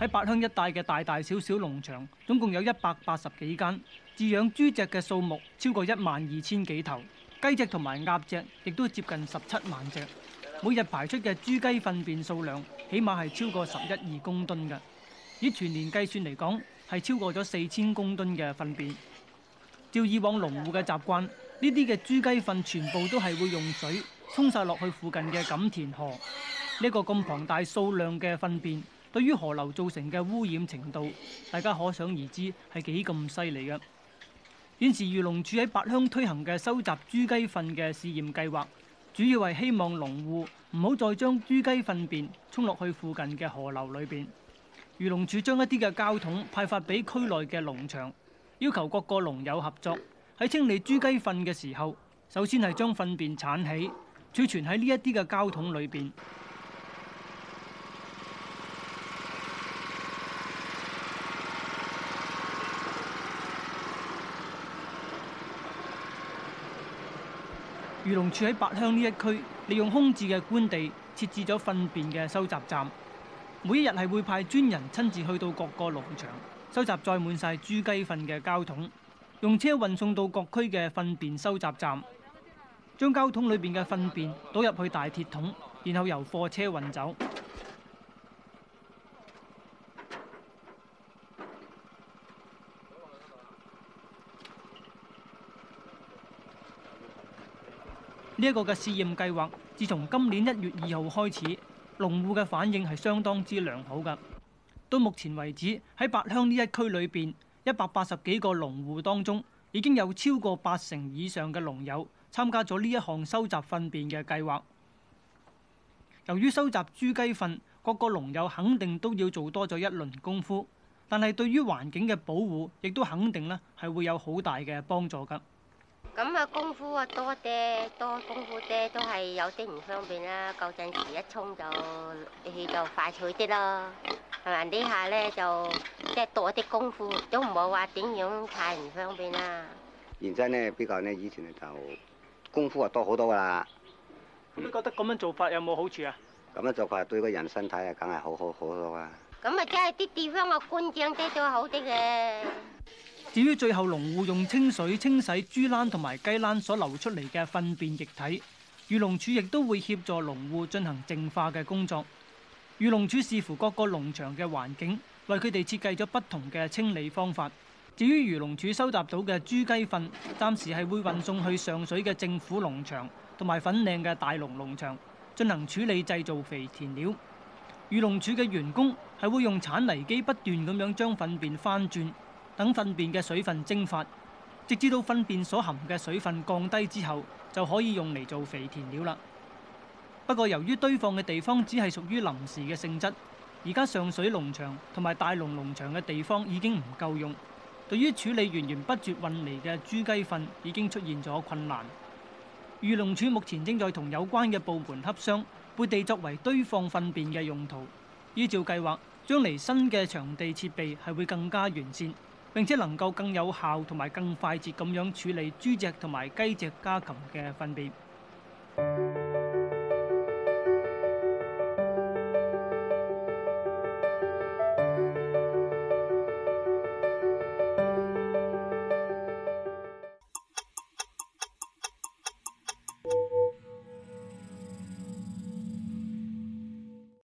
喺八鄉一帶嘅大大小小農場，總共有一百八十幾間，飼養豬隻嘅數目超過一萬二千幾頭，雞隻同埋鴨隻亦都接近十七萬隻。每日排出嘅豬雞糞便數量，起碼係超過十一二公噸嘅。以全年計算嚟講，係超過咗四千公噸嘅糞便。照以往農戶嘅習慣，呢啲嘅豬雞糞全部都係會用水沖晒落去附近嘅錦田河。呢個咁龐大數量嘅糞便，對於河流造成嘅污染程度，大家可想而知係幾咁犀利嘅。現時漁農處喺八鄉推行嘅收集豬雞糞嘅試驗計劃，主要係希望農戶唔好再將豬雞糞便沖落去附近嘅河流裏邊。漁農處將一啲嘅膠桶派發俾區內嘅農場，要求各個農友合作喺清理豬雞糞嘅時候，首先係將糞便鏟起，儲存喺呢一啲嘅膠桶裏邊。魚農處喺八鄉呢一區，利用空置嘅官地設置咗糞便嘅收集站。每一日係會派專人親自去到各個農場收集載滿晒豬雞糞嘅膠桶，用車運送到各區嘅糞便收集站，將膠桶裏邊嘅糞便倒入去大鐵桶，然後由貨車運走。呢一個嘅試驗計劃，自從今年一月二號開始，農戶嘅反應係相當之良好噶。到目前為止，喺八鄉呢一區裏邊，一百八十幾個農戶當中，已經有超過八成以上嘅農友參加咗呢一項收集糞便嘅計劃。由於收集豬雞糞，各個農友肯定都要做多咗一輪功夫，但係對於環境嘅保護，亦都肯定咧，係會有好大嘅幫助噶。咁啊，功夫啊多啲，多功夫啲都係有啲唔方便啦。夠陣時一沖就去就快脆啲啦，係嘛呢下咧就即係多啲功夫，都唔好話點樣太唔方便啦。現在咧比較咧以前就功夫啊多好多啦。咁你覺得咁樣做法有冇好處啊？咁樣做法對個人身體啊，梗係好好好多啊。咁啊，即係啲地方個乾淨啲都好啲嘅。至於最後，農戶用清水清洗豬欄同埋雞欄所流出嚟嘅糞便液體，漁農署亦都會協助農戶進行淨化嘅工作。漁農署視乎各個農場嘅環境，為佢哋設計咗不同嘅清理方法。至於漁農署收集到嘅豬雞糞，暫時係會運送去上水嘅政府農場同埋粉嶺嘅大龍農場進行處理，製造肥田料。漁農署嘅員工係會用鏟泥機不斷咁樣將糞便翻轉。等糞便嘅水分蒸發，直至到糞便所含嘅水分降低之後，就可以用嚟做肥田料啦。不過，由於堆放嘅地方只係屬於臨時嘅性質，而家上水農場同埋大龍農場嘅地方已經唔夠用，對於處理源源不絕運嚟嘅豬雞糞已經出現咗困難。漁農處目前正在同有關嘅部門洽商撥地作為堆放糞便嘅用途。依照計劃，將嚟新嘅場地設備係會更加完善。並且能夠更有效同埋更快捷咁樣處理豬隻同埋雞隻家禽嘅糞便。